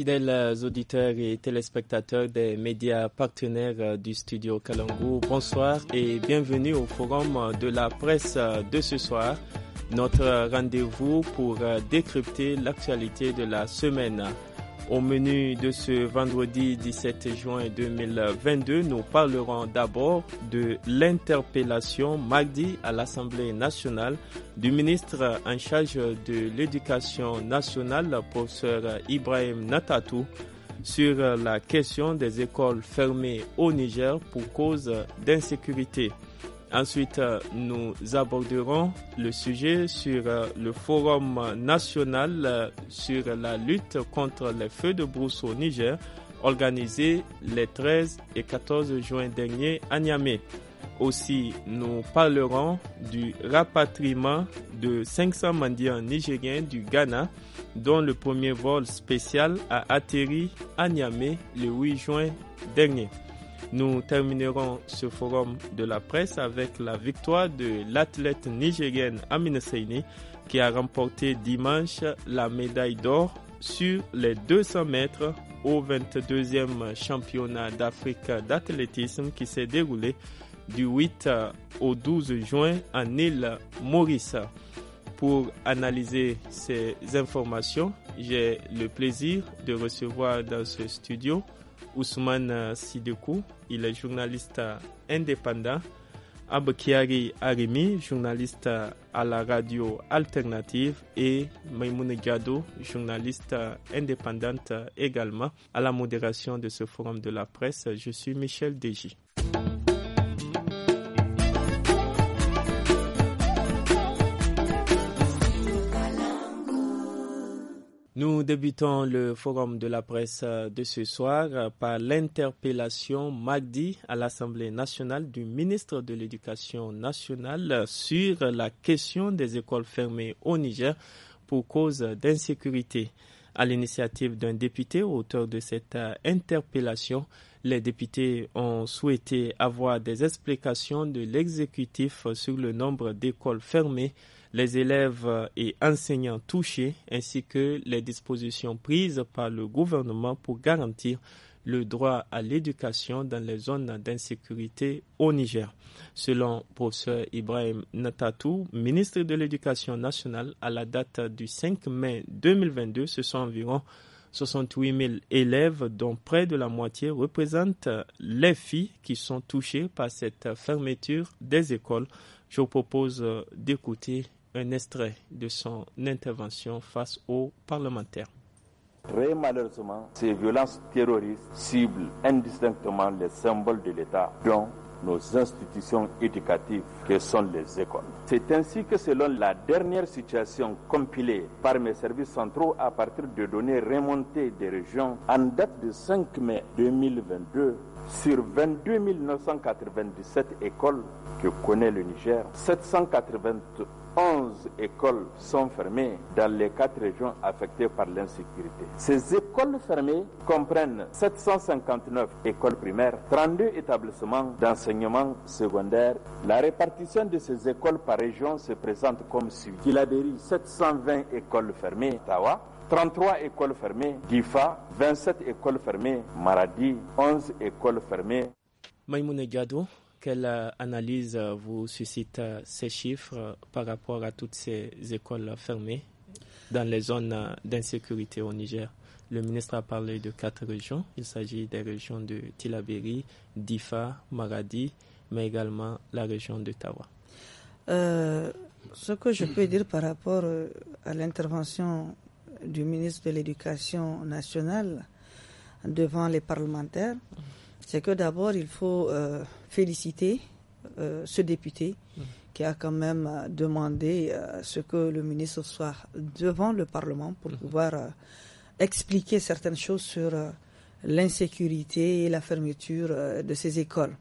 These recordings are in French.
Fidèles auditeurs et téléspectateurs des médias partenaires euh, du studio Kalangou, bonsoir et bienvenue au forum de la presse de ce soir, notre rendez-vous pour euh, décrypter l'actualité de la semaine. Au menu de ce vendredi 17 juin 2022, nous parlerons d'abord de l'interpellation mardi à l'Assemblée nationale du ministre en charge de l'éducation nationale, professeur Ibrahim Natatou, sur la question des écoles fermées au Niger pour cause d'insécurité. Ensuite, euh, nous aborderons le sujet sur euh, le Forum national euh, sur la lutte contre les feux de brousse au Niger, organisé les 13 et 14 juin dernier à Niamey. Aussi, nous parlerons du rapatriement de 500 mandiens nigériens du Ghana, dont le premier vol spécial a atterri à Niamey le 8 juin dernier. Nous terminerons ce forum de la presse avec la victoire de l'athlète nigérienne Amine Seini qui a remporté dimanche la médaille d'or sur les 200 mètres au 22e championnat d'Afrique d'athlétisme qui s'est déroulé du 8 au 12 juin à île Maurice. Pour analyser ces informations, j'ai le plaisir de recevoir dans ce studio Ousmane euh, Sidekou, il est journaliste euh, indépendant. Kiari Arimi, journaliste euh, à la radio alternative, et Maimoune Gado, journaliste indépendante également, à la modération de ce forum de la presse. Je suis Michel Deji. Nous débutons le forum de la presse de ce soir par l'interpellation mardi à l'Assemblée nationale du ministre de l'Éducation nationale sur la question des écoles fermées au Niger pour cause d'insécurité. À l'initiative d'un député auteur de cette interpellation, les députés ont souhaité avoir des explications de l'exécutif sur le nombre d'écoles fermées les élèves et enseignants touchés ainsi que les dispositions prises par le gouvernement pour garantir le droit à l'éducation dans les zones d'insécurité au Niger. Selon professeur Ibrahim Natatou, ministre de l'Éducation nationale, à la date du 5 mai 2022, ce sont environ 68 000 élèves, dont près de la moitié représentent les filles qui sont touchées par cette fermeture des écoles. Je vous propose d'écouter un extrait de son intervention face aux parlementaires. Très malheureusement, ces violences terroristes ciblent indistinctement les symboles de l'État, dont nos institutions éducatives que sont les écoles. C'est ainsi que selon la dernière situation compilée par mes services centraux à partir de données remontées des régions en date de 5 mai 2022, sur 22 997 écoles que connaît le Niger, 780 11 écoles sont fermées dans les quatre régions affectées par l'insécurité. Ces écoles fermées comprennent 759 écoles primaires, 32 établissements d'enseignement secondaire. La répartition de ces écoles par région se présente comme suit. Kilaberi, 720 écoles fermées, Tawa, 33 écoles fermées, Gifa, 27 écoles fermées, Maradi, 11 écoles fermées. Quelle euh, analyse euh, vous suscite euh, ces chiffres par rapport à toutes ces écoles fermées dans les zones d'insécurité au Niger Le ministre a parlé de quatre régions. Il s'agit des régions de Tilaberi, Difa, Maradi, mais également la région de Tawa. ce que je peux dire par rapport à l'intervention du ministre de l'Éducation nationale devant les parlementaires, c'est que d'abord, il faut euh, féliciter euh, ce député mm. qui a quand même euh, demandé ce que le ministre soit devant le Parlement pour mm-hmm. pouvoir expliquer certaines choses sur l'insécurité et la fermeture de ces écoles.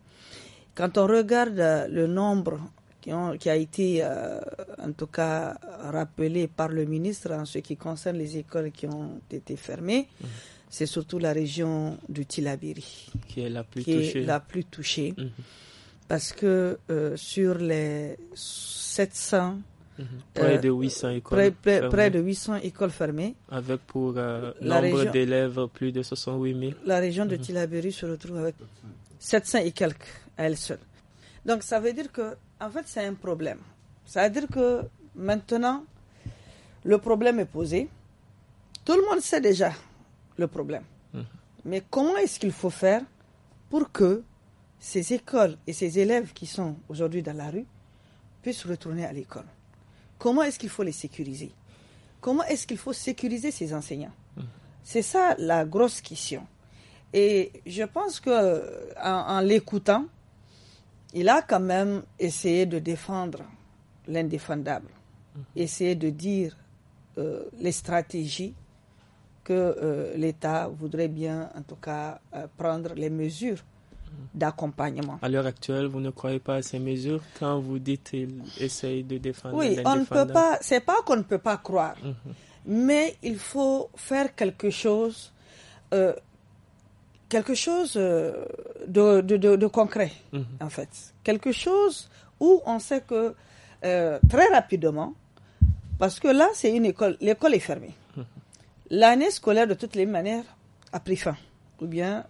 Quand on regarde le nombre qui, a été en tout cas rappelé par le ministre en ce qui concerne les écoles qui ont été fermées, mm-hmm c'est surtout la région du Tilabiri qui est la plus touchée. La plus touchée mhm. Parce que euh, sur les 700 mhm. euh, Près, de 800 écoles près, de 800 écoles fermées. Avec pour euh, nombre d'élèves plus de 68 000. La région de mhm. Tilabiri se retrouve avec 700 et quelques à elle seule. Donc ça veut dire que, en fait, c'est un problème. Ça veut dire que maintenant, le problème est posé. Tout le monde sait déjà le problème. Hum. Mais comment est-ce qu'il faut faire pour que ces écoles et ces élèves qui sont aujourd'hui dans la rue puissent retourner à l'école Comment est-ce qu'il faut les sécuriser Comment est-ce qu'il faut sécuriser ces enseignants hum. C'est ça la grosse question. Et je pense que en, l'écoutant, il a quand même essayé de défendre l'indéfendable, essayer hum. essayé de dire euh, les stratégies que euh, l'État voudrait bien, en tout cas, euh, prendre les mesures d'accompagnement. À l'heure actuelle, vous ne croyez pas à ces mesures quand vous dites qu'il essaye de défendre Oui, on ne peut pas, c'est pas qu'on ne peut pas croire, mhm. mais il faut faire quelque chose, euh, quelque chose de, concret, mhm. en fait. Quelque chose où on sait que très rapidement, parce que là, c'est une école, l'école est fermée. Mhm. L'année scolaire, de toutes les manières, a pris fin. Ou bien,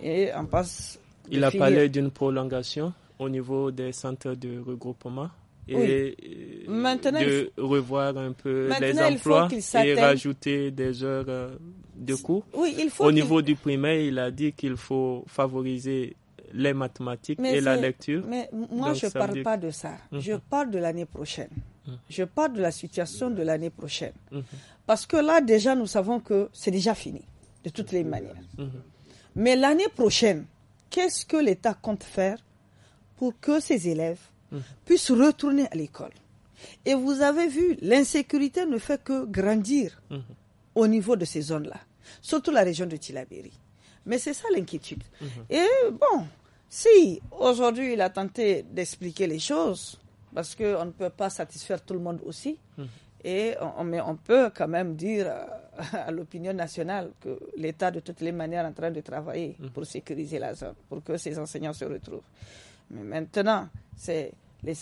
et on passe. Il a parlé d'une prolongation au niveau des centres de regroupement et euh, de revoir un peu les emplois et rajouter des heures euh, de cours. Oui, il faut Au niveau du primaire, il a dit qu'il faut favoriser les mathématiques et la lecture. Mais moi, je ne parle pas de ça. Mhm. Je parle de l'année prochaine. Je parle de la situation de l'année prochaine. Parce que là, déjà, nous savons que c'est déjà fini, de toutes les manières. Mais l'année prochaine, qu'est-ce que l'État compte faire pour que ses élèves puissent retourner à l'école Et vous avez vu, l'insécurité ne fait que grandir au niveau de ces zones-là, surtout la région de Tilabéry. Mais c'est ça l'inquiétude. Et bon, si aujourd'hui il a tenté d'expliquer les choses, parce qu'on ne peut pas satisfaire tout le monde aussi. Hmm. Et on, mais on peut quand même dire euh, à, l'opinion nationale que l'État, de toutes les manières, est en train de travailler hmm. pour sécuriser la zone, pour que ces enseignants se retrouvent. Mais maintenant, c'est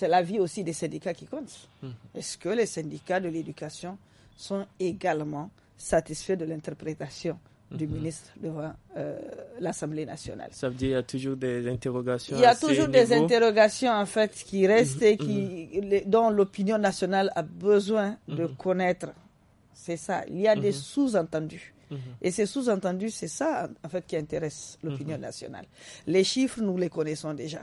l'avis aussi des syndicats qui compte. Hmm. Est-ce que les syndicats de l'éducation sont également satisfaits de l'interprétation du mhm. ministre devant euh, l'Assemblée nationale. Ça veut dire qu'il y a toujours des interrogations. Il y a toujours des interrogations en fait qui mhm. restent et qui, mhm. dont l'opinion nationale a besoin de connaître. C'est ça. Il y a des sous-entendus. Et ces sous-entendus, c'est ça en fait qui intéresse l'opinion nationale. Les chiffres, nous les connaissons déjà.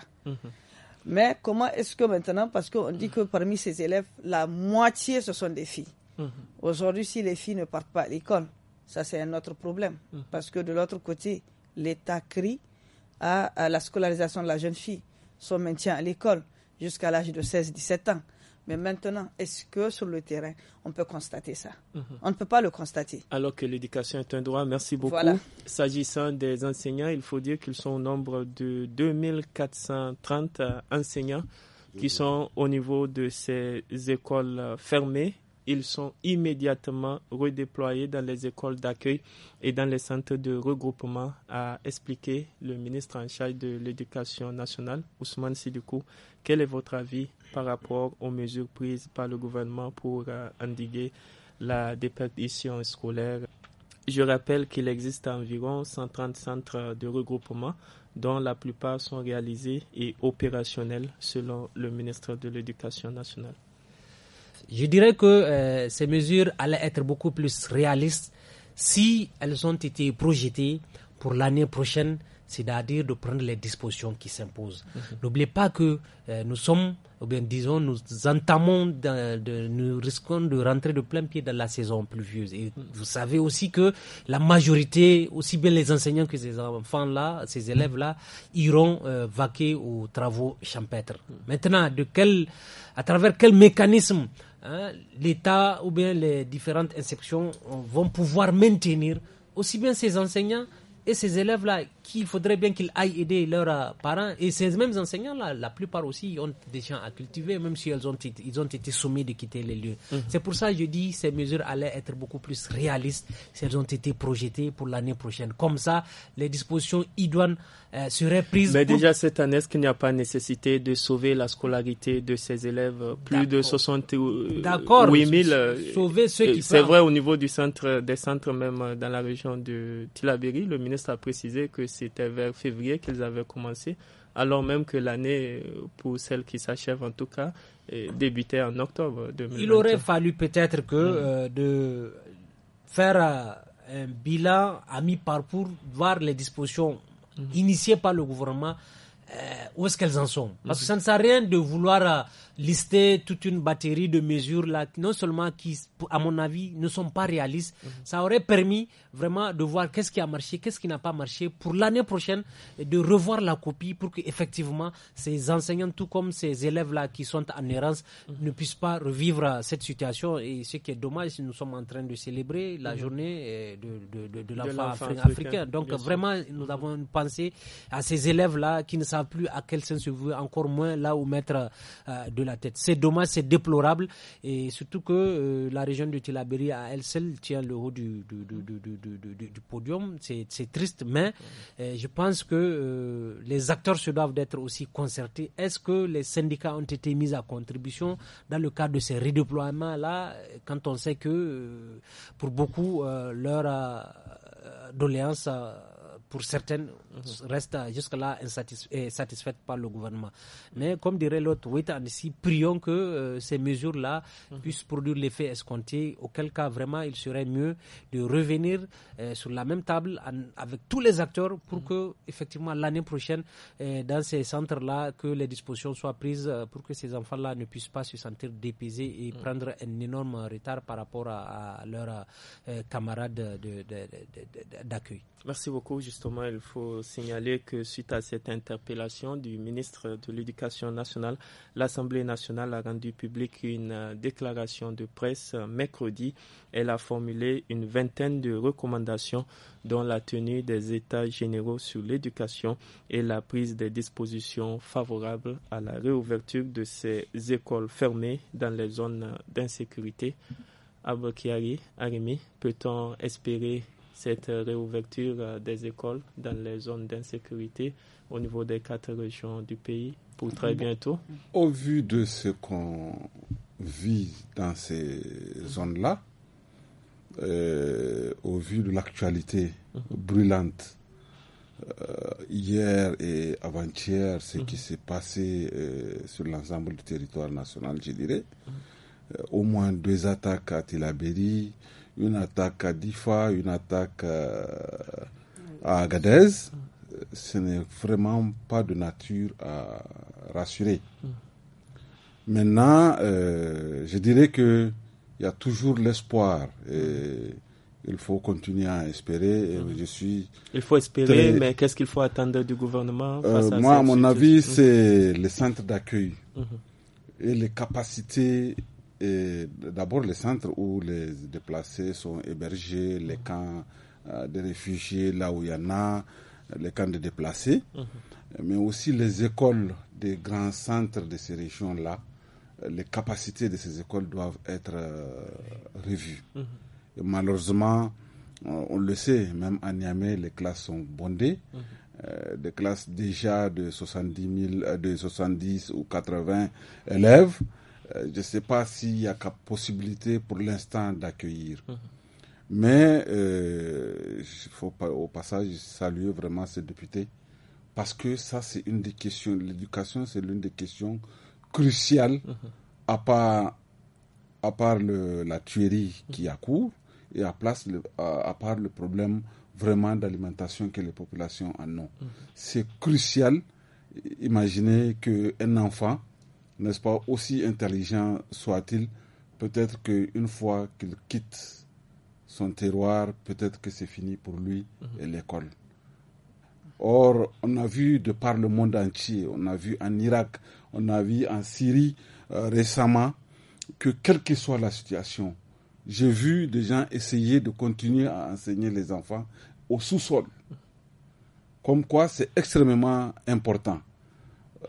Mais comment est-ce que maintenant, parce qu'on dit que parmi ces élèves, la moitié ce sont des filles. Aujourd'hui, si les filles ne partent pas à l'école, ça c'est un autre problème. Mhm. Parce que de l'autre côté, l'État crie à, la scolarisation de la jeune fille, son maintien à l'école jusqu'à l'âge de 16-17 ans. Mais maintenant, est-ce que sur le terrain, on peut constater ça mhm. On ne peut pas le constater. Alors que l'éducation est un droit, merci beaucoup. S'agissant des enseignants, il faut dire qu'ils sont au nombre de 2430 enseignants qui sont au niveau de ces écoles fermées ils sont immédiatement redéployés dans les écoles d'accueil et dans les centres de regroupement, a expliqué le ministre en charge de l'Éducation nationale, Ousmane Sidikou. Quel est votre avis par rapport aux mesures prises par le gouvernement pour euh, endiguer la déperdition scolaire je rappelle qu'il existe environ 130 centres de regroupement dont la plupart sont réalisés et opérationnels selon le ministre de l'Éducation nationale. Je dirais que euh, ces mesures allaient être beaucoup plus réalistes si elles ont été projetées pour l'année prochaine, c'est-à-dire de prendre les dispositions qui s'imposent. N'oubliez pas que euh, nous sommes, ou bien disons, nous entamons, de, nous risquons de rentrer de plein pied dans la saison pluvieuse. Et mm. vous savez aussi que la majorité, aussi bien les enseignants que ces enfants-là, ces mm. élèves-là, iront euh, vaquer aux travaux champêtres. Mm. Maintenant, de quel, à travers quel mécanisme Hein, l'État ou bien les différentes institutions vont pouvoir maintenir aussi bien ces enseignants et ces élèves-là qu'il faudrait bien qu'ils aillent aider leurs euh, parents. Et ces mêmes enseignants-là, la plupart aussi, ont des gens à cultiver, même si elles ont, ils ont été soumis de quitter les lieux. Mhm. C'est pour ça que je dis ces mesures allaient être beaucoup plus réalistes si elles ont été projetées pour l'année prochaine. Comme ça, les dispositions idoines euh, seraient prises. Mais déjà cette année, est-ce qu'il n'y a pas nécessité de sauver la scolarité de ces élèves euh, Plus de 68 000. Sauver ceux qui C'est vrai, au niveau du centre, des centres même dans la région de Tilaberi, le ministre a précisé que c'était vers février qu'ils avaient commencé, alors même que l'année, euh, pour celle qui s'achève en tout cas, euh, débutait en octobre 2020. Il aurait fallu peut-être que mm. euh, de faire un bilan à mi-parcours, voir les dispositions mm-hmm. initiées par le gouvernement, où est-ce qu'elles en sont. Parce que mm-hmm. ça ne sert à rien de vouloir lister toute une batterie de mesures là, non seulement qui, à mon avis, ne sont pas réalistes, ça aurait permis vraiment de voir qu'est-ce qui a marché, qu'est-ce qui n'a pas marché, pour l'année prochaine, de revoir la copie pour qu'effectivement, ces enseignants, tout comme ces élèves-là qui sont en errance, ne puissent pas revivre cette situation. Et ce qui est dommage, nous sommes en train de célébrer la mhm. journée eh, de, de, de, l'enfant africain. Donc vraiment, nous mhm. avons pensé à ces élèves-là qui ne savent plus à quel sens se vouer, encore moins là où mettre euh, de la tête. C'est dommage, c'est déplorable. Et surtout que euh, la région de Tilaberi à elle seule tient le haut du, podium. C'est triste, mais euh, je pense que euh, les acteurs se doivent d'être aussi concertés. Est-ce que les syndicats ont été mis à contribution dans le cadre de ces redéploiements-là, quand on sait que pour beaucoup, leur doléance pour certaines, mhm. restent jusque-là insatisfaites par le gouvernement. Mais comme dirait l'autre, oui, si prions que euh, ces mesures-là mhm. puissent produire l'effet escompté, auquel cas vraiment il serait mieux de revenir euh, sur la même table avec tous les acteurs pour mhm. que, effectivement, l'année prochaine, euh, dans ces centres-là, que les dispositions soient prises pour que ces enfants-là ne puissent pas se sentir dépaysés et prendre un énorme retard par rapport à, leurs camarades d'accueil. Merci beaucoup. Justement, il faut signaler que suite à cette interpellation du ministre de l'Éducation nationale, l'Assemblée nationale a rendu publique une euh, déclaration de presse euh, mercredi. Elle a formulé une vingtaine de recommandations dont la tenue des États généraux sur l'éducation et la prise des dispositions favorables à la réouverture de ces écoles fermées dans les zones d'insécurité. Abokiari, Arimi, peut-on espérer cette réouverture euh, des écoles dans les zones d'insécurité au niveau des quatre régions du pays pour très bientôt. Au vu de ce qu'on vit dans ces zones-là, euh, au vu de l'actualité mhm. brûlante euh, hier et avant-hier, ce qui mhm. s'est passé sur l'ensemble du territoire national, je dirais, mhm. au moins deux attaques à Tilaberi, une attaque à Difa, une attaque euh, à Agadez, ce n'est vraiment pas de nature à rassurer. Maintenant, euh, je dirais qu'il y a toujours l'espoir. Et il faut continuer à espérer. Mm-hmm. je suis il faut espérer, mais qu'est-ce qu'il faut attendre du gouvernement euh, face Moi, à mon avis, c'est les centres d'accueil mm-hmm. et les capacités d'abord les centres où les déplacés sont hébergés, les mm. camps euh, de réfugiés, là où il y en a, les camps de déplacés, mm-hmm. mais aussi les écoles des grands centres de ces régions-là. Les capacités de ces écoles doivent être euh, revues. Mm-hmm. malheureusement, euh, on le sait, même à Niamey, les classes sont bondées. Mm-hmm. des classes déjà de 70, de 70 ou 80 élèves. Euh, je ne sais pas s'il y a possibilité pour l'instant d'accueillir. Mhm. Mais il euh, faut au passage saluer vraiment ces députés parce que ça, c'est une des questions. L'éducation, c'est l'une des questions cruciales mhm. à part, à part la tuerie qui a cours et à, à, part le problème vraiment d'alimentation que les populations en ont. Mhm. C'est crucial. Imaginez qu'un enfant n'est-ce pas, aussi intelligent soit-il, peut-être qu'une fois qu'il quitte son terroir, peut-être que c'est fini pour lui et mhm. l'école. Or, on a vu de par le monde entier, on a vu en Irak, on a vu en Syrie euh, récemment, que quelle que soit la situation, j'ai vu des gens essayer de continuer à enseigner les enfants au sous-sol. Comme quoi, c'est extrêmement important.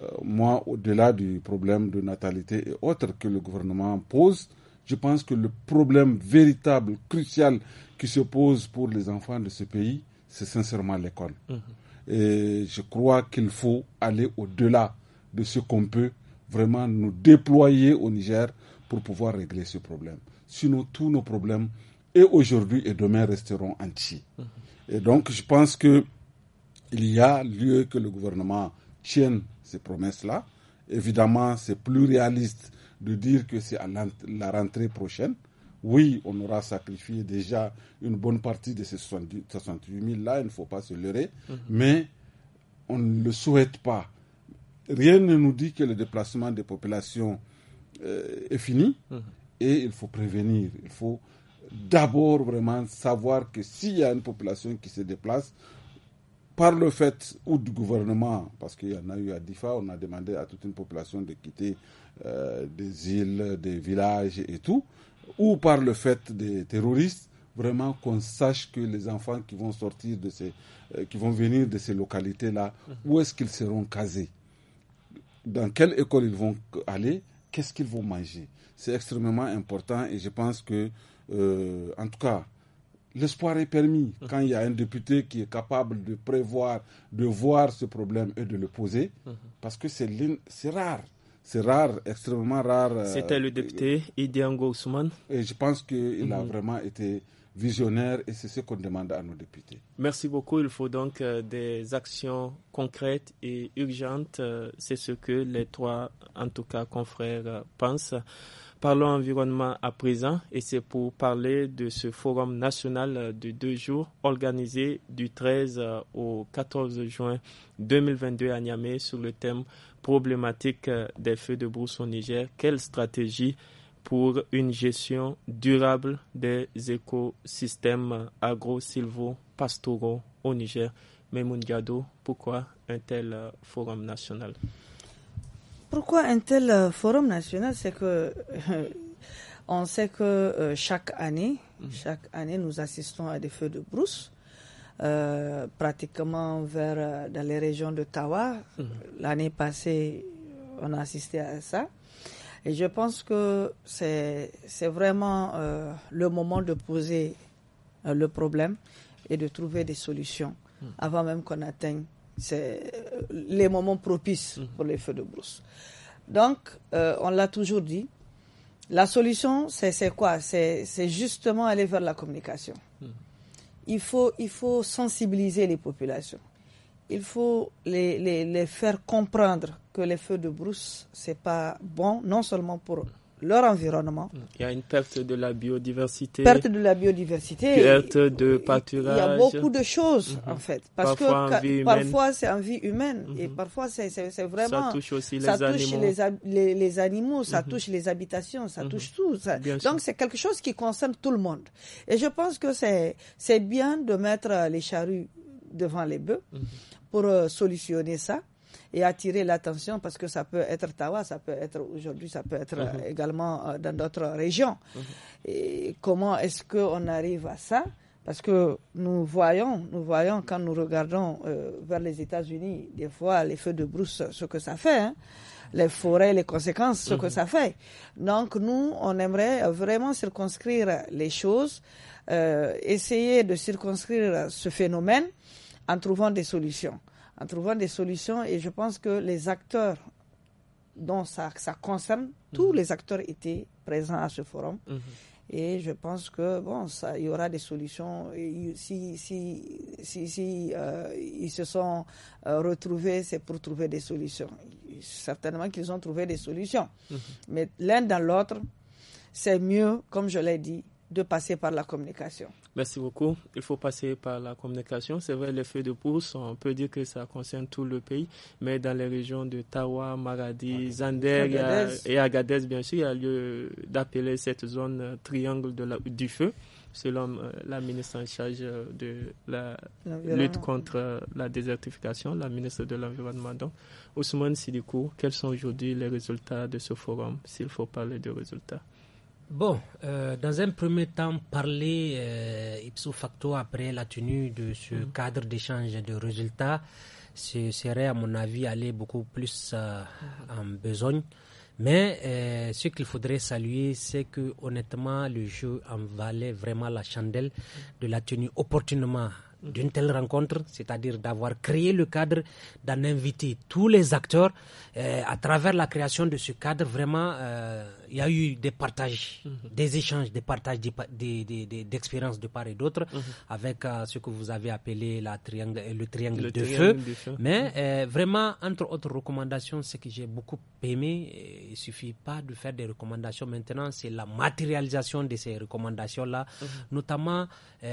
Euh, moi, au-delà du problème de natalité et autres que le gouvernement pose, je pense que le problème véritable, crucial qui se pose pour les enfants de ce pays, c'est sincèrement l'école. Mhm. Et je crois qu'il faut aller au-delà de ce qu'on peut vraiment nous déployer au Niger pour pouvoir régler ce problème. Sinon, tous nos problèmes, et aujourd'hui et demain, resteront entiers. Mhm. Et donc, je pense que il y a lieu que le gouvernement tienne ces promesses-là. Évidemment, c'est plus réaliste de dire que c'est à la rentrée prochaine. Oui, on aura sacrifié déjà une bonne partie de ces 68 000-là, il ne faut pas se leurrer, mhm. mais on ne le souhaite pas. Rien ne nous dit que le déplacement des populations euh, est fini mhm. et il faut prévenir. Il faut d'abord vraiment savoir que s'il y a une population qui se déplace, par le fait ou du gouvernement, parce qu'il y en a eu à Difa, on a demandé à toute une population de quitter euh, des îles, des villages et tout, ou par le fait des terroristes, vraiment qu'on sache que les enfants qui vont sortir de ces, euh, qui vont venir de ces localités-là, mhm. où est-ce qu'ils seront casés, dans quelle école ils vont aller, qu'est-ce qu'ils vont manger. C'est extrêmement important et je pense que, euh, en tout cas, L'espoir est permis quand il y a un député qui est capable de prévoir, de voir ce problème et de le poser, parce que c'est rare. C'est rare, extrêmement rare. Euh, C'était le député Idiango Ousmane. Et je pense qu'il a mhm. vraiment été visionnaire et c'est ce qu'on demande à nos députés. Merci beaucoup. Il faut donc euh, des actions concrètes et urgentes. Euh, c'est ce que les trois, en tout cas, confrères pensent. Parlons environnement à présent et c'est pour parler de ce forum national de deux jours organisé du 13 euh, au 14 juin 2022 à Niamey sur le thème problématique euh, des feux de brousse au Niger. Quelle stratégie pour une gestion durable des écosystèmes agro-silvo-pastoraux au Niger. Mais Mungado, pourquoi un tel euh, forum national pourquoi un tel euh, forum national C'est que euh, on sait que euh, chaque année, mhm. chaque année, nous assistons à des feux de brousse. pratiquement vers dans les régions de mhm. L'année passée, on a assisté à ça. Et je pense que c'est vraiment le moment de poser le problème et de trouver des solutions mhm. avant même qu'on atteigne c'est euh, les moments propices mhm. pour les feux de brousse. Donc, euh, on l'a toujours dit, la solution, c'est quoi C'est justement aller vers la communication. Mhm. Il faut, il faut sensibiliser les populations. Il faut les, faire comprendre que les feux de brousse, c'est pas bon, non seulement pour leur environnement. Mm. Il y a une perte de la biodiversité. Perte de la biodiversité. Perte de pâturage. Il y a beaucoup de choses, mm-hmm. en fait. Parce que parfois, c'est en vie humaine. Et mm-hmm. parfois, c'est vraiment. Ça touche aussi les ça touche animaux. Les, animaux, ça mm-hmm. touche les habitations, ça touche tout. Donc, c'est quelque chose qui concerne tout le monde. Et je pense que c'est bien de mettre les charrues devant les bœufs pour euh, solutionner ça et attirer l'attention parce que ça peut être Tawa, ça peut être aujourd'hui, ça peut être mhm. euh, également euh, dans d'autres régions. Mhm. Et comment est-ce que qu'on arrive à ça parce que nous voyons, nous voyons quand nous regardons euh, vers les États-Unis, des fois les feux de brousse, ce que ça fait, hein. les forêts, les conséquences, ce que mhm. ça fait. Donc nous, on aimerait vraiment circonscrire les choses, essayer de circonscrire ce phénomène en trouvant des solutions en trouvant des solutions. Et je pense que les acteurs dont ça, ça concerne, tous mhm. les acteurs étaient présents à ce forum. Mhm. Et je pense que bon, ça, il y aura des solutions. si si, si, euh, ils se sont euh, retrouvés, c'est pour trouver des solutions. Certainement qu'ils ont trouvé des solutions. Mhm. Mais l'un dans l'autre, c'est mieux, comme je l'ai dit, de passer par la communication. Merci beaucoup. Il faut passer par la communication. C'est vrai, les feux de pousse, on peut dire que ça concerne tout le pays, mais dans les régions de Tawa, Maradi, Zander et Agadez, bien sûr, il y a lieu d'appeler cette zone euh, triangle du feu selon euh, la ministre en charge euh, de la lutte contre la désertification, la ministre de l'Environnement. Donc, Ousmane Sidikou, quels sont aujourd'hui les résultats de ce forum, s'il faut parler de résultats Bon, euh, dans un premier temps, parler euh, ipso facto après la tenue de ce mhm. cadre d'échange de résultats, ce serait à mon avis aller beaucoup plus euh, mhm. en besogne. Mais ce qu'il faudrait saluer, c'est que honnêtement, le jeu en valait vraiment la chandelle mhm. de la tenue opportunément d'une telle rencontre, c'est-à-dire d'avoir créé le cadre, d'en inviter tous les acteurs. Euh, à travers la création de ce cadre, vraiment, euh, il y a eu des partages, mhm. des échanges, des partages d'expériences de part et d'autre, mhm. avec euh, ce que vous avez appelé la triangle, le triangle, le de, triangle feu. de, feu. Mais mhm. vraiment, entre autres recommandations, ce que j'ai beaucoup aimé, il suffit pas de faire des recommandations maintenant, c'est la matérialisation de ces recommandations-là, notamment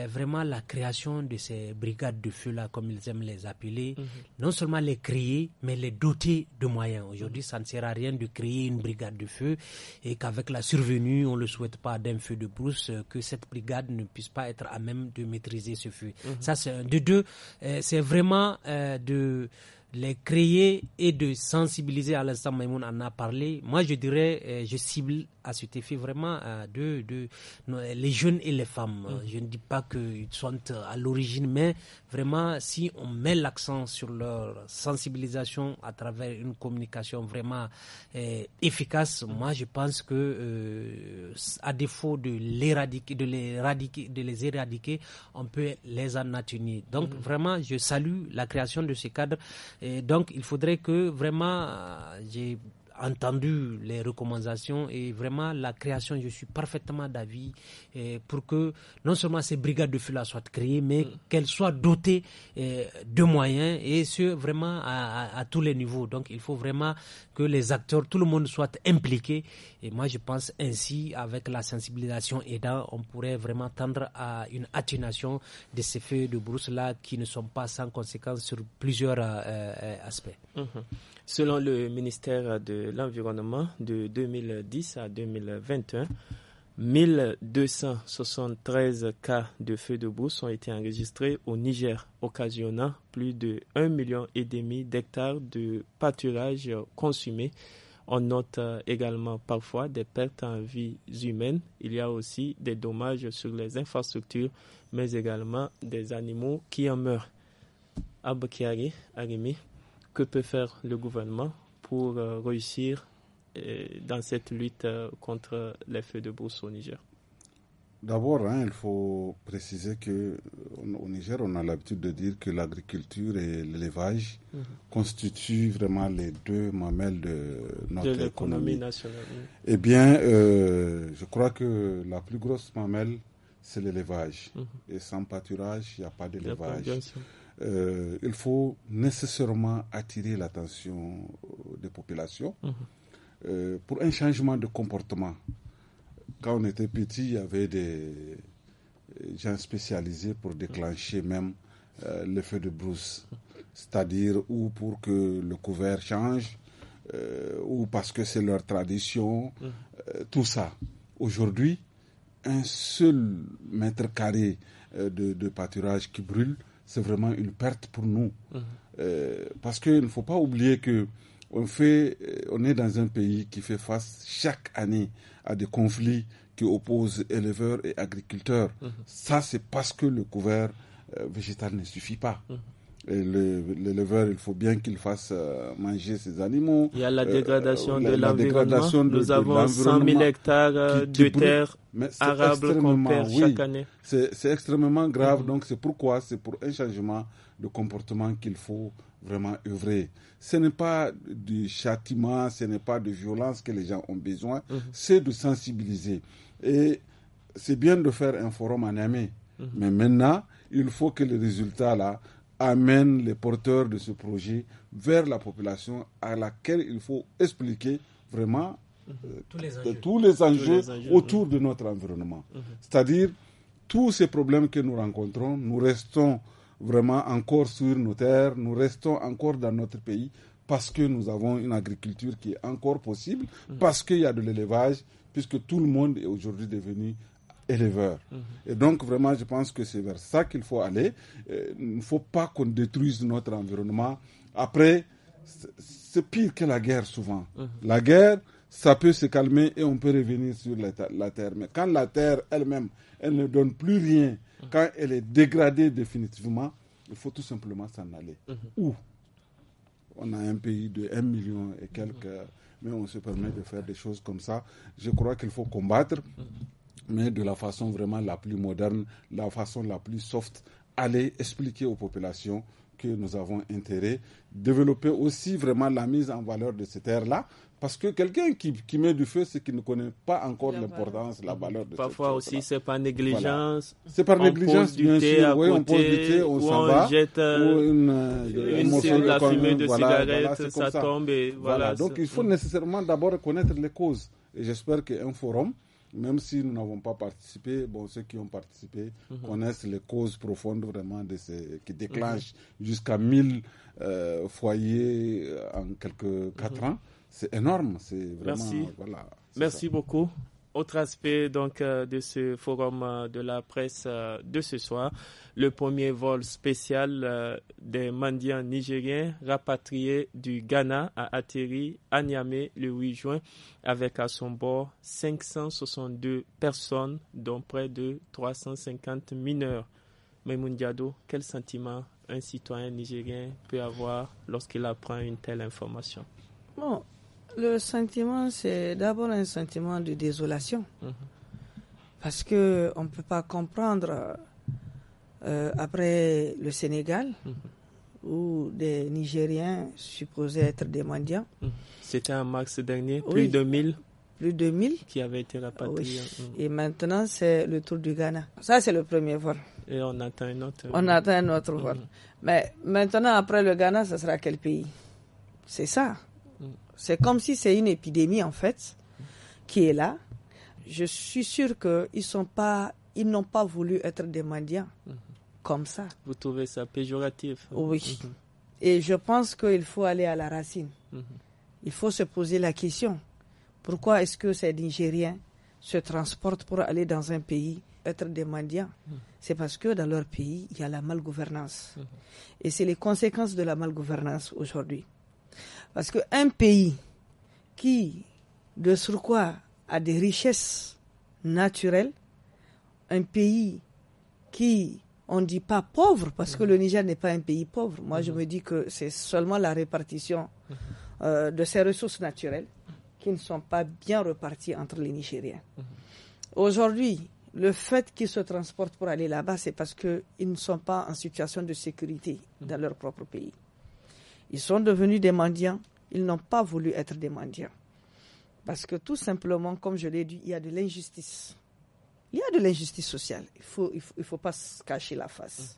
vraiment la création de ces brigades de feu-là, comme ils aiment les appeler, mhm. non seulement les créer, mais les doter de moyens. Aujourd'hui, mhm. ça ne sert à rien de créer une brigade de feu et qu'avec la survenue, on ne le souhaite pas, d'un feu de brousse, euh, que cette brigade ne puisse pas être à même de maîtriser ce feu. Mhm. Ça, c'est un. De deux, euh, c'est vraiment euh, de les créer et de sensibiliser. À l'instant, Maïmoun en a parlé. Moi, je dirais, euh, je cible à cet effet vraiment euh, de, de les jeunes et les femmes. Mm. Je ne dis pas qu'ils sont à l'origine, mais vraiment, si on met l'accent sur leur sensibilisation à travers une communication vraiment euh, efficace, mm. moi, je pense que, à défaut de de les éradiquer, de les éradiquer, on peut les en atténuer. Donc, mm. vraiment, je salue la création de ce cadre et donc, il faudrait que vraiment, euh, j'ai entendu les recommandations et vraiment la création, je suis parfaitement d'avis eh, pour que non seulement ces brigades de feu-là soient créées, mais mm. qu'elles soient dotées eh, de moyens et ce vraiment à, tous les niveaux. Donc il faut vraiment que les acteurs, tout le monde soit impliqué et moi je pense ainsi avec la sensibilisation aidant, on pourrait vraiment tendre à une atténuation de ces feux de brousse là qui ne sont pas sans conséquences sur plusieurs euh, euh, aspects. Mm-hmm. Selon le ministère de l'Environnement, de 2010 à 2021, 1273 cas de feux de brousse ont été enregistrés au Niger, occasionnant plus de 1,5 million d'hectares de pâturage consumés. On note également parfois des pertes en vies humaines. Il y a aussi des dommages sur les infrastructures, mais également des animaux qui en meurent. Abkiari Arimi, que peut faire le gouvernement pour euh, réussir euh, dans cette lutte euh, contre les feux de brousse au Niger D'abord, hein, il faut préciser que au Niger, on a l'habitude de dire que l'agriculture et l'élevage mhm. constituent vraiment les deux mamelles de notre économie. nationale. Eh bien, je crois que la plus grosse mamelle, c'est l'élevage. Mhm. Et sans pâturage, il n'y a pas d'élevage. Euh, il faut nécessairement attirer l'attention euh, des populations mhm. euh, pour un changement de comportement. Quand on était petit, il y avait des gens spécialisés pour déclencher même les le feu de brousse, c'est-à-dire ou pour que le couvert change, ou parce que c'est leur tradition, mhm. tout ça. Aujourd'hui, un seul mètre carré de pâturage qui brûle, c'est vraiment une perte pour nous. Mhm. Euh, parce qu'il ne faut pas oublier que on, fait, euh, on est dans un pays qui fait face chaque année à des conflits qui opposent éleveurs et agriculteurs. Mhm. Ça, c'est parce que le couvert euh, végétal ne suffit pas. Mhm l'éleveur, il faut bien qu'il fasse euh, manger ses animaux. Il y a la euh, dégradation de l'environnement. Nous avons 100 000 hectares euh, de terres terre arable chaque année. C'est extrêmement grave. Mhm. Donc c'est pourquoi c'est pour un changement de comportement qu'il faut vraiment œuvrer. Ce n'est pas du châtiment, ce n'est pas de violence que les gens ont besoin, mhm. c'est de sensibiliser. Et c'est bien de faire un forum en mhm. mais maintenant, il faut que les résultats là amène les porteurs de ce projet vers la population à laquelle il faut expliquer vraiment mhm. euh, tous, les enjeux, autour de notre environnement. Mhm. C'est-à-dire, tous ces problèmes que nous rencontrons, nous restons vraiment encore sur nos terres, nous restons encore dans notre pays parce que nous avons une agriculture qui est encore possible, mhm. parce qu'il y a de l'élevage, puisque tout le monde est aujourd'hui devenu Mhm. Et donc, vraiment, je pense que c'est vers ça qu'il faut aller. Il ne faut pas qu'on détruise notre environnement. Après, c'est pire que la guerre souvent. Mhm. La guerre, ça peut se calmer et on peut revenir sur la, terre. Mais quand la terre elle-même, elle ne donne plus rien, mhm. quand elle est dégradée définitivement, il faut tout simplement s'en aller. Où on a un pays de 1 million et quelques, mais on se permet de faire des choses comme ça. Je crois qu'il faut combattre mais de la façon vraiment la plus moderne, la façon la plus soft, aller expliquer aux populations que nous avons intérêt, développer aussi vraiment la mise en valeur de ces terres là parce que quelqu'un qui, qui, met du feu, c'est qu'il ne connaît pas encore l'importance, la valeur de Parfois aussi, c'est par négligence. C'est par négligence, on pose du thé, on s'en va. jette euh, ou une, euh, de la fumée de cigarette, ça, ça, tombe. Et voilà, Donc, il faut nécessairement d'abord connaître les causes. Et j'espère qu'un forum même si nous n'avons pas participé, bon, ceux qui ont participé mhm. connaissent les causes profondes vraiment de qui mhm. déclenchent jusqu'à 1000 euh, foyers euh, en quelques 4 mhm. ans. C'est énorme, c'est Merci, Merci beaucoup. Autre aspect donc euh, de ce forum euh, de la presse euh, de ce soir, le premier vol spécial des Mandiens nigériens rapatriés du Ghana a atterri à Niamey le 8 juin avec à son bord 562 personnes dont près de 350 mineurs. Mais Diado, quel sentiment un citoyen nigérien peut avoir lorsqu'il apprend une telle information le sentiment, c'est d'abord un sentiment de désolation. Mhm. Parce que on ne peut pas comprendre, euh, après le Sénégal, mhm. où des Nigériens supposés être des mendiants. Mhm. C'était en mars dernier, plus de 1000 plus de 1000 qui avaient été rapatriés. Et maintenant, c'est le tour du Ghana. Ça, c'est le premier vol. Et on attend un autre. On attend un autre vol. Mais maintenant, après le Ghana, ce sera quel pays C'est ça. C'est comme si c'est une épidémie, en fait, qui est là. Je suis sûre qu'ils sont pas, ils n'ont pas voulu être des mendiants mhm. comme ça. Vous trouvez ça péjoratif hein? Oui. Mhm. Et je pense qu'il faut aller à la racine. Mhm. Il faut se poser la question. Pourquoi est-ce que ces Nigériens se transportent pour aller dans un pays être des mendiants C'est parce que dans leur pays, il y a la malgouvernance. Et c'est les conséquences de la malgouvernance aujourd'hui. Parce qu'un pays qui, de surcroît, a des richesses naturelles, un pays qui, on ne dit pas pauvre, parce que le mhm. Niger n'est pas un pays pauvre. Moi, je mhm. me dis que c'est seulement la répartition mhm. euh, de ces ressources naturelles qui ne sont pas bien reparties entre les Nigériens. Aujourd'hui, le fait qu'ils se transportent pour aller là-bas, c'est parce qu'ils ne sont pas en situation de sécurité dans leur propre pays. Ils sont devenus des mendiants. Ils n'ont pas voulu être des mendiants. Parce que tout simplement, comme je l'ai dit, il y a de l'injustice. Il y a de l'injustice sociale. Il ne faut, il faut, pas se cacher la face.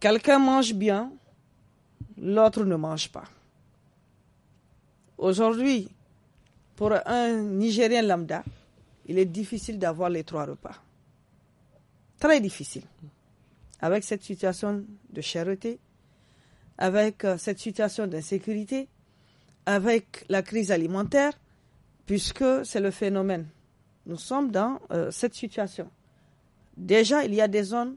Quelqu'un mange bien, l'autre ne mange pas. Aujourd'hui, pour un Nigérien lambda, il est difficile d'avoir les trois repas. Très difficile. Avec cette situation de charité, avec euh, cette situation d'insécurité, avec la crise alimentaire, puisque c'est le phénomène. Nous sommes dans euh, cette situation. Déjà, il y a des zones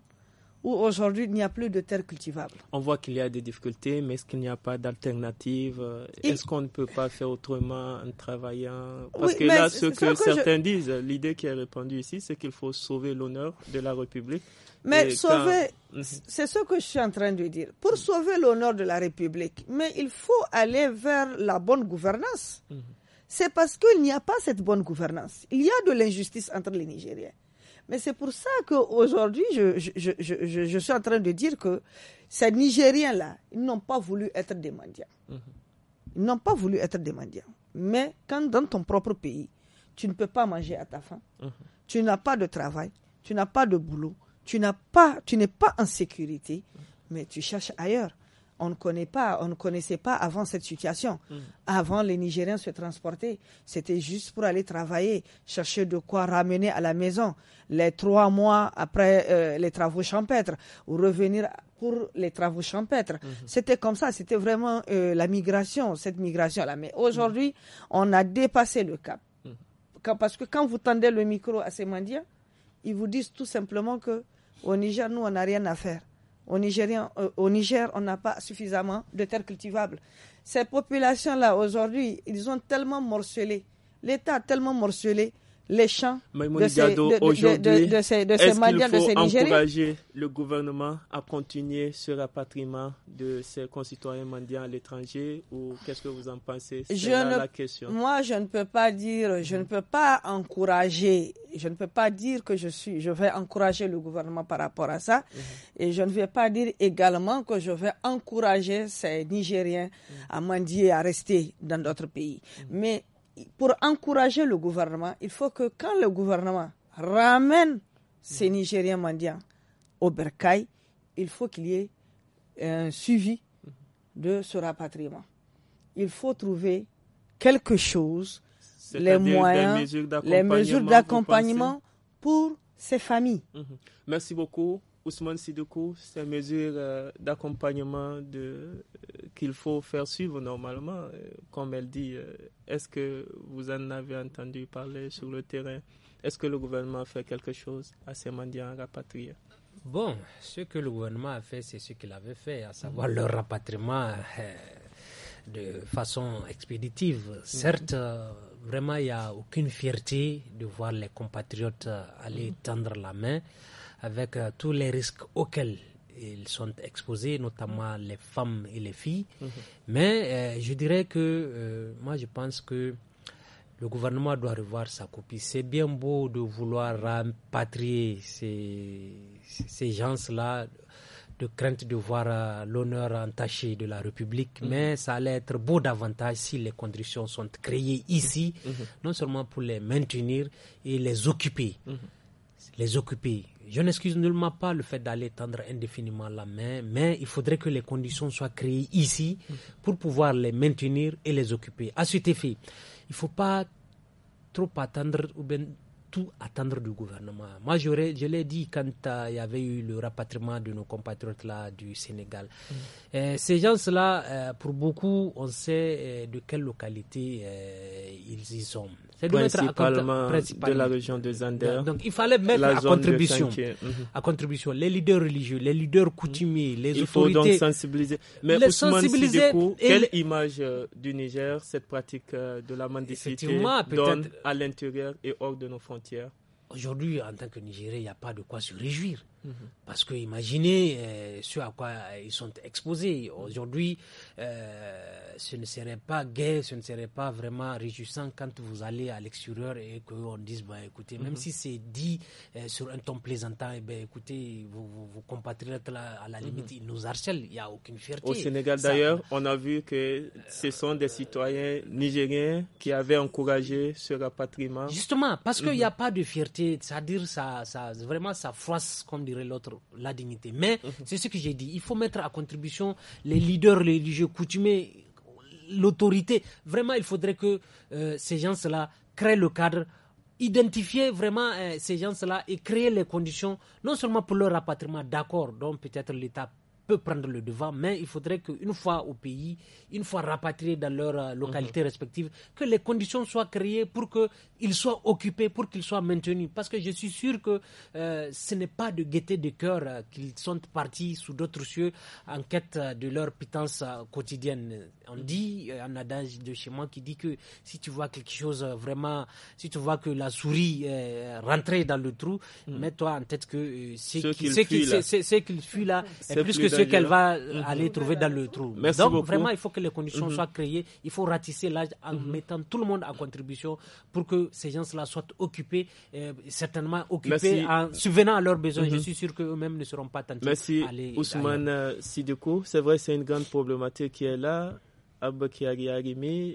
où aujourd'hui il n'y a plus de terre cultivable. On voit qu'il y a des difficultés, mais est-ce qu'il n'y a pas d'alternative Est-ce qu'on ne peut pas faire autrement en travaillant Parce que là, ce que, certains disent, l'idée qui est répandue ici, c'est qu'il faut sauver l'honneur de la République mais sauver, mm-hmm. c'est ce que je suis en train de dire. Pour mm-hmm. sauver l'honneur de la République, mais il faut aller vers la bonne gouvernance. Mm-hmm. C'est parce qu'il n'y a pas cette bonne gouvernance. Il y a de l'injustice entre les Nigériens. Mais c'est pour ça qu'aujourd'hui, je, je, suis en train de dire que ces Nigériens-là, ils n'ont pas voulu être des mendiants. Ils n'ont pas voulu être des mendiants. Mais quand dans ton propre pays, tu ne peux pas manger à ta faim, tu n'as pas de travail, tu n'as pas de boulot, tu n'as pas, tu n'es pas en sécurité, mais tu cherches ailleurs. On ne connaît pas, on ne connaissait pas avant cette situation. Mm. Avant, les Nigériens se transportaient. C'était juste pour aller travailler, chercher de quoi ramener à la maison. Les trois mois après euh, les travaux champêtres, ou revenir pour les travaux champêtres. Mm-hmm. C'était comme ça, c'était vraiment euh, la migration, cette migration-là. Mais aujourd'hui, mm. on a dépassé le cap. Mm. Parce que quand vous tendez le micro à ces Mandiens ils vous disent tout simplement que au Niger, nous, on n'a rien à faire. Euh, au, Niger, on n'a pas suffisamment de terres cultivables. Ces populations-là, aujourd'hui, ils ont tellement morcelé. L'État a tellement morcelé les champs de ces, de, ces, de ces ce qu'il faut encourager le gouvernement à continuer ce rapatriement de ses concitoyens Mandiens à l'étranger ou qu'est-ce que vous en pensez la question. Moi, je ne peux pas dire, je ne peux pas encourager, je ne peux pas dire que je suis, je vais encourager le gouvernement par rapport à ça. Mhm. Et je ne vais pas dire également que je vais encourager ces Nigériens mhm. à mendier, à rester dans d'autres pays. Mhm. Mais pour encourager le gouvernement, il faut que quand le gouvernement ramène ces mm. Nigériens mendiants au Berkaï, il faut qu'il y ait un suivi mm-hmm. de ce rapatriement. Il faut trouver quelque chose, les moyens, les mesures d'accompagnement pour ces familles. Mm-hmm. Merci beaucoup. Ousmane Sidoukou, ces mesures euh, d'accompagnement euh, qu'il faut faire suivre normalement, euh, comme elle dit, est-ce que vous en avez entendu parler sur le terrain Est-ce que le gouvernement fait quelque chose à ces mendiants rapatriés Bon, ce que le gouvernement a fait, c'est ce qu'il avait fait, à savoir le rapatriement de façon expéditive. Mhm. Certes, vraiment, il n'y a aucune fierté de voir les compatriotes aller tendre la main avec euh, tous les risques auxquels ils sont exposés, notamment mm-hmm. les femmes et les filles. Mm-hmm. Mais euh, je dirais que euh, moi, je pense que le gouvernement doit revoir sa copie. C'est bien beau de vouloir rapatrier ces, ces gens-là de crainte de voir l'honneur entaché de la République, mm-hmm. mais ça allait être beau davantage si les conditions sont créées ici, non seulement pour les maintenir et les occuper. Les occuper. Je n'excuse nullement pas le fait d'aller tendre indéfiniment la main, mais il faudrait que les conditions soient créées ici pour pouvoir les maintenir et les occuper. À cet effet, il ne faut pas trop attendre ou bien tout attendre du gouvernement. Moi, je l'ai dit quand euh, il y avait eu le rapatriement de nos compatriotes là du Sénégal. Mm. Euh, ces gens-là, euh, pour beaucoup, on sait de quelle localité ils y sont. C'est de mettre à de la région de Zander. Donc il fallait mettre à contribution, mhm. à contribution les leaders religieux, les leaders coutumiers, les autorités. Il faut donc sensibiliser. Mais Ousmane sensibiliser quelle image euh, du Niger cette pratique euh, de la mendicité donne à l'intérieur et hors de nos frontières Aujourd'hui, en tant que Nigérien, il n'y a pas de quoi se réjouir. Mmh. Parce que imaginez sur euh, ce à quoi euh, ils sont exposés. Aujourd'hui, euh, ce ne serait pas gai, ce ne serait pas vraiment réjouissant quand vous allez à l'extérieur et qu'on dise, ben, écoutez, même mmh. si c'est dit sur un ton plaisantant, et eh ben, écoutez, vous, vous, compatriotes à la mmh. limite, ils nous harcèlent, il n'y a aucune fierté. Au Sénégal d'ailleurs, on a vu que ce sont des citoyens nigériens qui avaient encouragé ce rapatriement. Justement, parce qu'il n'y a pas de fierté, c'est-à-dire ça, ça, vraiment ça froisse comme dire l'autre la dignité. Mais mhm. c'est ce que j'ai dit, il faut mettre à contribution les leaders les religieux coutumés, l'autorité. Vraiment, il faudrait que euh, ces gens-là créent le cadre identifier vraiment euh, ces gens-là et créer les conditions, non seulement pour leur rapatriement, d'accord, donc peut-être l'État peut prendre le devant, mais il faudrait qu'une fois au pays, une fois rapatriés dans leur euh, localité mhm. respective, que les conditions soient créées pour qu'ils soient occupés, pour qu'ils soient maintenus. Parce que je suis sûr que euh, ce n'est pas de gaieté de cœur euh, qu'ils sont partis sous d'autres cieux en quête de leur pitance quotidienne. On dit, un euh, adage de chez moi qui dit que si tu vois quelque chose euh, vraiment, si tu vois que la souris est euh, rentrée dans le trou, hmm. mets-toi en tête que ce qu'il fuit là est plus, que ce qu'elle va hmm. aller trouver dans le trou. Donc vraiment, il faut que les conditions hmm. soient créées, il faut ratisser l'âge en mettant tout le monde en contribution pour que ces gens-là soient occupés, certainement occupés en subvenant à leurs besoins. Je suis sûr qu'eux-mêmes ne seront pas tentés. Merci Ousmane Sideko. C'est vrai, c'est une grande problématique qui est là. Abakari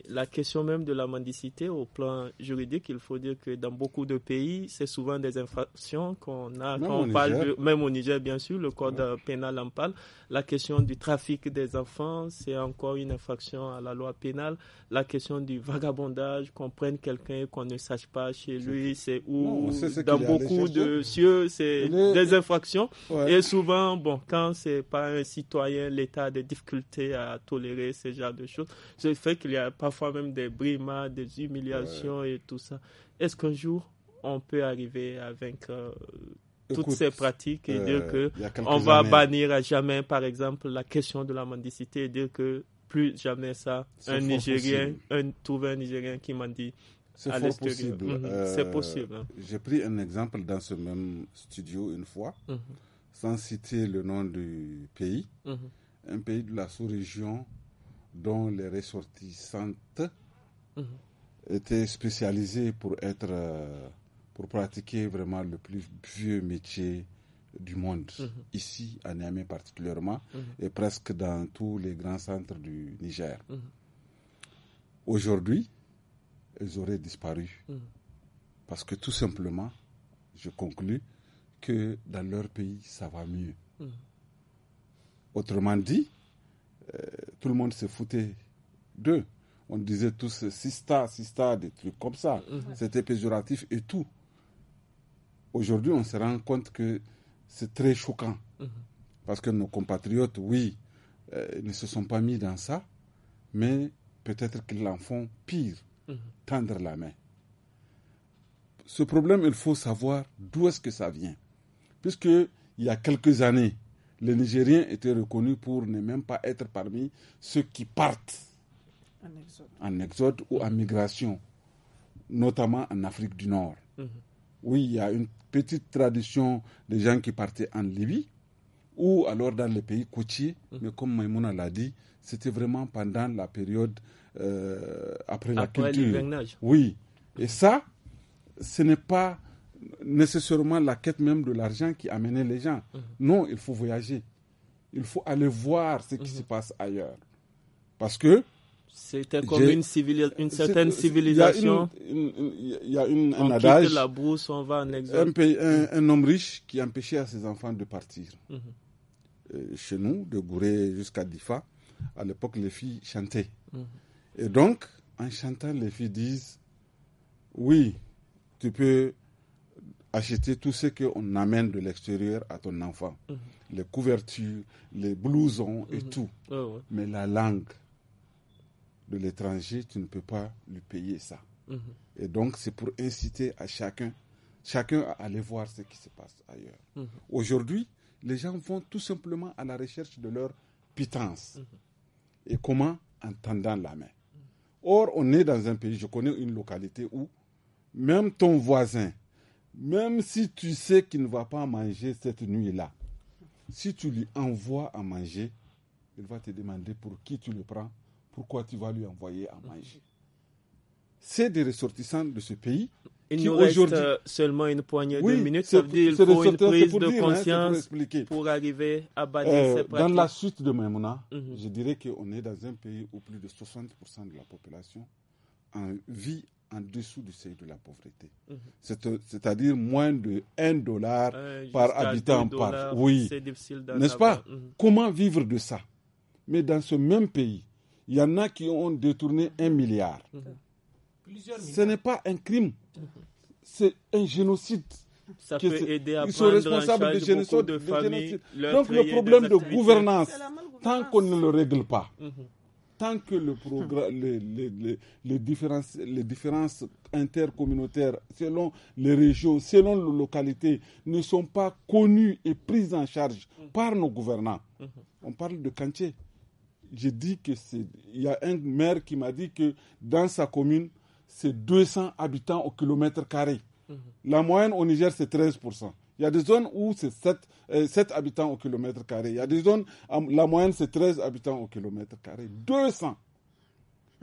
la question même de la mendicité au plan juridique, il faut dire que dans beaucoup de pays, c'est souvent des infractions qu'on a, même quand on parle même au Niger, bien sûr, le code pénal en parle. La question du trafic des enfants, c'est encore une infraction à la loi pénale. La question du vagabondage, qu'on prenne quelqu'un qu'on ne sache pas chez lui, c'est où, dans beaucoup de cieux, c'est des infractions. Et souvent, bon, quand c'est pas un citoyen, l'État a des difficultés à tolérer ce genre de choses choses. Ce fait qu'il y a parfois même des brimades, des humiliations et tout ça. Est-ce qu'un jour, on peut arriver à vaincre euh, toutes ces pratiques et dire euh, que on va bannir à jamais, par exemple, la question de la mendicité et dire que plus jamais ça, un Nigérien, un, trouver un Nigérien qui mendie à l'extérieur. Mhm. Euh, C'est possible. C'est hein. possible J'ai pris un exemple dans ce même studio une fois, mhm. sans citer le nom du pays, mhm. un pays de la sous-région dont les ressortissantes mhm. étaient spécialisées pour être euh, pour pratiquer vraiment le plus vieux métier du monde, mhm. ici à Niamey particulièrement, mhm. et presque dans tous les grands centres du Niger. Aujourd'hui, elles auraient disparu. Parce que tout simplement, je conclus que dans leur pays, ça va mieux. Autrement dit, euh, tout le monde se foutait d'eux. On disait tous euh, sista, sista, des trucs comme ça. Mhm. C'était péjoratif et tout. Aujourd'hui, on se rend compte que c'est très choquant. Mhm. Parce que nos compatriotes, oui, euh, ne se sont pas mis dans ça, mais peut-être qu'ils en font pire, mhm. tendre la main. Ce problème, il faut savoir d'où est-ce que ça vient. Puisque il y a quelques années, les Nigériens étaient reconnus pour ne même pas être parmi ceux qui partent en exode, ou en migration, notamment en Afrique du Nord. Mhm. Oui, il y a une petite tradition des gens qui partaient en Libye ou alors dans les pays côtiers, mhm. mais comme Maïmouna l'a dit, c'était vraiment pendant la période euh, après, après, la culture. Oui, et ça, ce n'est pas nécessairement la quête même de l'argent qui amenait les gens. Mhm. Non, il faut voyager. Il faut aller voir ce qui mhm. se passe ailleurs. Parce que. C'était comme une, certaine civilisation. Il y a, une, un adage. La va en Un, homme riche qui empêchait à ses enfants de partir. Mhm. Euh, chez nous, de Gouré jusqu'à Difa, à l'époque, les filles chantaient. Et donc, en chantant, les filles disent Oui, tu peux acheter tout ce qu'on amène de l'extérieur à ton enfant. Mhm. Les couvertures, les blousons et mhm. tout. Mais la langue de l'étranger, tu ne peux pas lui payer ça. Mhm. Et donc, c'est pour inciter à chacun, chacun à aller voir ce qui se passe ailleurs. Aujourd'hui, les gens vont tout simplement à la recherche de leur pitance. Et comment En tendant la main. Or, on est dans un pays, je connais une localité où même ton voisin, même si tu sais qu'il ne va pas manger cette nuit-là, si tu lui envoies à manger, il va te demander pour qui tu le prends, pourquoi tu vas lui envoyer à manger. C'est des ressortissants de ce pays. Il qui nous reste euh, seulement une poignée de minutes. Ça veut dire faut une prise pour de hein, conscience pour, arriver à bannir euh, ces pratiques. Dans la suite de Maimouna, mhm. je dirais qu'on est dans un pays où plus de 60% de la population vit en dessous du seuil de la pauvreté. Mhm. C'est-à-dire moins de 1 dollar par habitant par. Oui. N'est-ce pas mhm. Comment vivre de ça Mais dans ce même pays, il y en a qui ont détourné 1 milliard. Mhm. Ce n'est pas un crime, c'est un génocide. ils sont responsables de génocide. Donc le problème de gouvernance, tant qu'on ne le règle pas, tant que le hmm. les, les, différences, les différences intercommunautaires selon les régions, selon les localités, ne sont pas connues et prises en charge hmm. par nos gouvernants. Hmm. On parle de cantier. J'ai dit que c'est. Il y a un maire qui m'a dit que dans sa commune, c'est 200 habitants au kilomètre carré. La moyenne au Niger, c'est 13%. Il y a des zones où c'est 7, 7, euh, habitants au kilomètre carré. Il y a des zones, la moyenne c'est 13 habitants au kilomètre carré. 200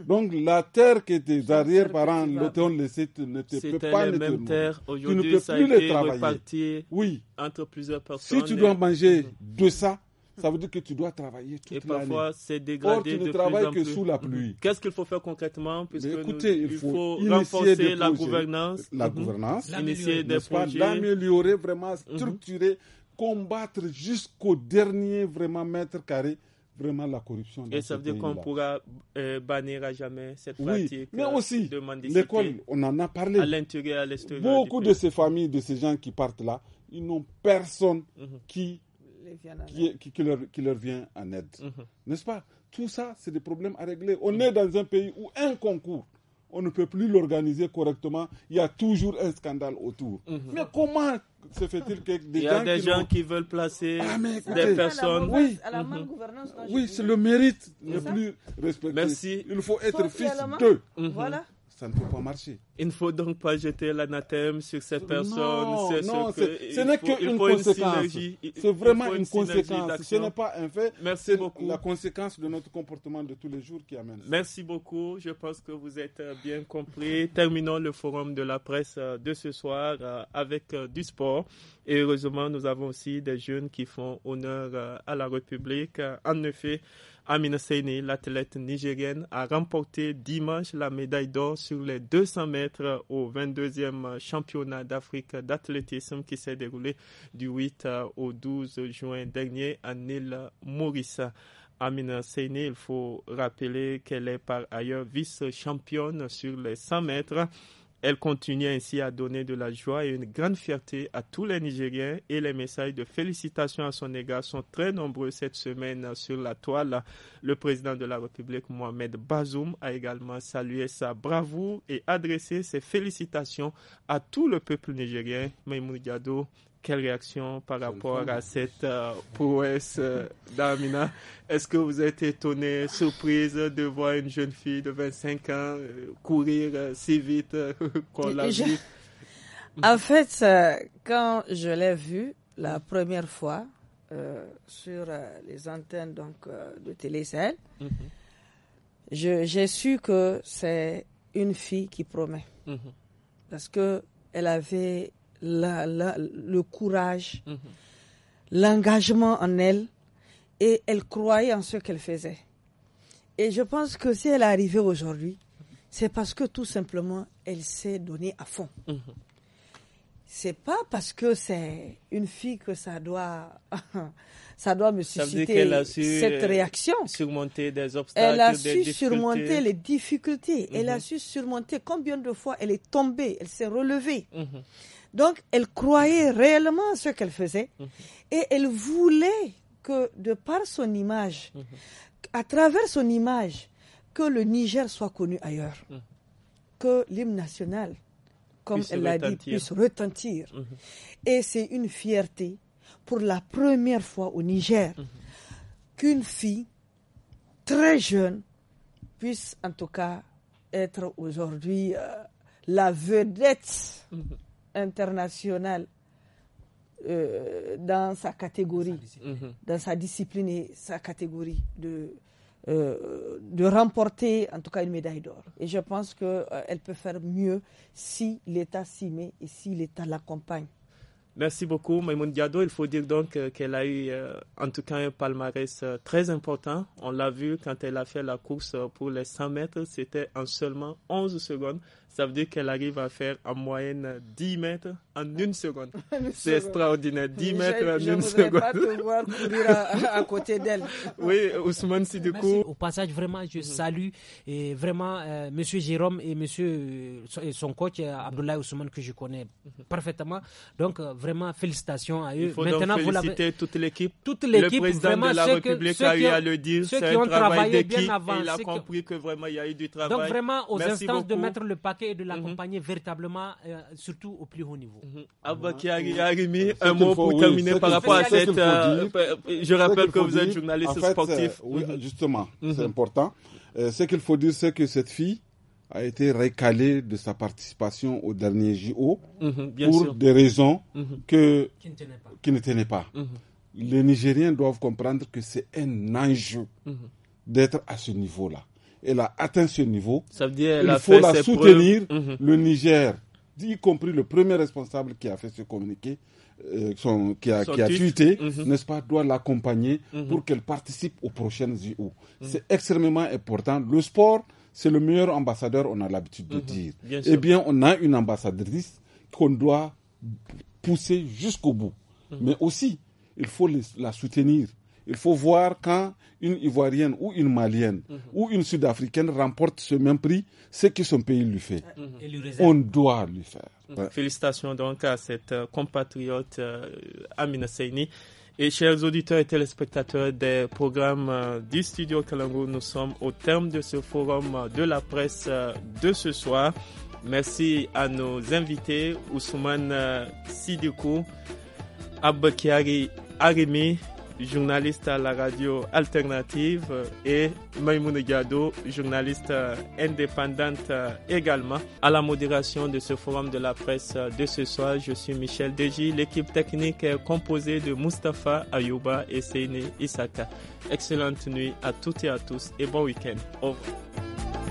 donc la terre que tes arrière-parents l'ont laissée ne te peut pas les Tu ne peux plus les travailler. Oui. Si tu dois manger mm. de ça, ça veut dire que tu dois travailler toute l'année. Et parfois, c'est dégradé tu ne travailles que sous la pluie. Mhm. Qu'est-ce qu'il faut faire concrètement écoutez, il faut, renforcer la gouvernance, la mhm. gouvernance, l'améliorer vraiment, mhm. structurer, combattre jusqu'au dernier vraiment mètre carré vraiment la corruption. Et ça veut dire qu'on pourra euh, bannir à jamais cette oui, pratique. Mais euh, aussi, l'école, on en a parlé. À l'intérieur, à l'extérieur. Beaucoup de ces familles, de ces gens qui partent là, ils n'ont personne qui qui, leur, qui, leur, vient en aide. Mhm. N'est-ce pas Tout ça, c'est des problèmes à régler. On est dans un pays où un concours, on ne peut plus l'organiser correctement. Il y a toujours un scandale autour. Mhm. Mais comment se fait-il que des gens... y a des gens qui veulent placer ah, des personnes... Mauvaise, oui, mhm. oui c'est le mérite le plus respecté. Merci. Il faut être fils d'eux. Voilà ça ne peut pas marcher. Il ne faut donc pas jeter l'anathème sur cette personne'' Non, non ce, n'est qu'une conséquence. C'est vraiment une, conséquence. Ce n'est pas un fait. Merci La conséquence de notre comportement de tous les jours qui amène. Merci beaucoup. Je pense que vous êtes euh, bien compris. Terminons le forum de la presse euh, de ce soir euh, avec du sport. Et heureusement, nous avons aussi des jeunes qui font honneur à la République. En effet, Amina Seyni, l'athlète nigérienne, a remporté dimanche la médaille d'or sur les 200 mètres au 22e championnat d'Afrique d'athlétisme qui s'est déroulé du 8 euh, au 12 juin dernier à Nîmes, Maurice. Amina Seyni, il faut rappeler qu'elle est par ailleurs vice-championne sur les 100 mètres elle continue ainsi à donner de la joie et une grande fierté à tous les Nigériens et les messages de félicitations à son égard sont très nombreux cette semaine sur la toile. Le président de la République, Mohamed Bazoum, a également salué sa bravoure et adressé ses félicitations à tout le peuple nigérien quelle réaction par rapport à cette euh, prouesse euh, d'Amina Est-ce que vous êtes étonné, surprise de voir une jeune fille de 25 ans euh, courir si vite qu'on l'a vue En fait, quand je l'ai vue la première fois sur les antennes donc, de télé mm j'ai su que c'est une fille qui promet. Mhm. Parce que elle avait le courage, mhm. l'engagement en elle, et elle croyait en ce qu'elle faisait. Et je pense que si elle est arrivée aujourd'hui, c'est parce que tout simplement, elle s'est donnée à fond. Mhm. C'est pas parce que c'est une fille que ça doit, ça doit me susciter euh, cette réaction. des Elle a su surmonter les difficultés. Elle a mhm. su surmonter combien de fois elle est tombée, elle s'est relevée. Donc, elle croyait réellement ce qu'elle faisait et elle voulait que, de par son image, à travers son image, que le Niger soit connu ailleurs, que l'hymne national, comme elle l'a dit, puisse retentir. Et c'est une fierté pour la première fois au Niger qu'une fille très jeune puisse en tout cas être aujourd'hui euh, la vedette international euh, dans sa catégorie, mhm. dans sa discipline et sa catégorie de, euh, de remporter en tout cas une médaille d'or. Et je pense qu'elle euh, peut faire mieux si l'État s'y met et si l'État l'accompagne. Merci beaucoup, Maïmoun Diado. Il faut dire donc qu'elle a eu en tout cas un palmarès très important. On l'a vu quand elle a fait la course pour les 100 mètres, c'était en seulement 11 secondes. Ça veut dire qu'elle arrive à faire en moyenne 10 mètres en une seconde. C'est extraordinaire, 10 mètres en une seconde. Pas te voir courir à, côté d'elle. Oui, Ousmane coup. Au passage, vraiment, je mhm. salue et vraiment M. Euh, Monsieur Jérôme et Monsieur euh, son coach euh, Abdoulaye Ousmane que je connais mhm. parfaitement. Donc vraiment, félicitations à eux. Il faut Maintenant, donc féliciter toute l'équipe. Toute l'équipe. Le président vraiment, de la République a eu à le dire. Ceux qui ont travaillé bien avant. Il a compris que... vraiment il y a eu du travail. Donc vraiment, aux instances de mettre le patin et de mhm. l'accompagner véritablement, euh, surtout au plus haut niveau. Mhm. Ah, Abba qui un mot pour terminer par rapport à cette. Euh, euh, je rappelle que vous êtes journaliste sportif. oui, mhm. justement, c'est important. ce qu'il faut dire, c'est que cette fille a été récalée de sa participation au dernier JO pour des raisons que, qui ne tenaient pas. les Nigériens doivent comprendre que c'est un enjeu d'être à ce niveau-là elle a atteint ce niveau. Ça il faut la soutenir. Mhm. Le Niger, y compris le premier responsable qui a fait ce communiqué, euh, son, qui a, qui a tweeté, mhm. n'est-ce pas, doit l'accompagner mhm. pour qu'elle participe aux prochaines JO. C'est extrêmement important. Le sport, c'est le meilleur ambassadeur, on a l'habitude de dire. eh bien, on a une ambassadrice qu'on doit pousser jusqu'au bout. Mais aussi, il faut la soutenir il faut voir quand une Ivoirienne ou une Malienne mhm. ou une Sud-Africaine remporte ce même prix, ce que son pays lui fait. Mhm. On doit lui faire. Mhm. Félicitations donc à cette euh, compatriote euh, Amina Seini. Et chers auditeurs et téléspectateurs des programmes euh, du studio Kalango, nous sommes au terme de ce forum de la presse de ce soir. Merci à nos invités, Ousmane Sidikou, Kiari Arimi journaliste à la radio alternative, et Maïmoune Gado, journaliste euh, indépendante euh, également. À la modération de ce forum de la presse de ce soir, je suis Michel Deji. L'équipe technique est composée de Mustapha Ayouba et Seine Isaka. Excellente nuit à toutes et à tous et bon week-end. Au revoir.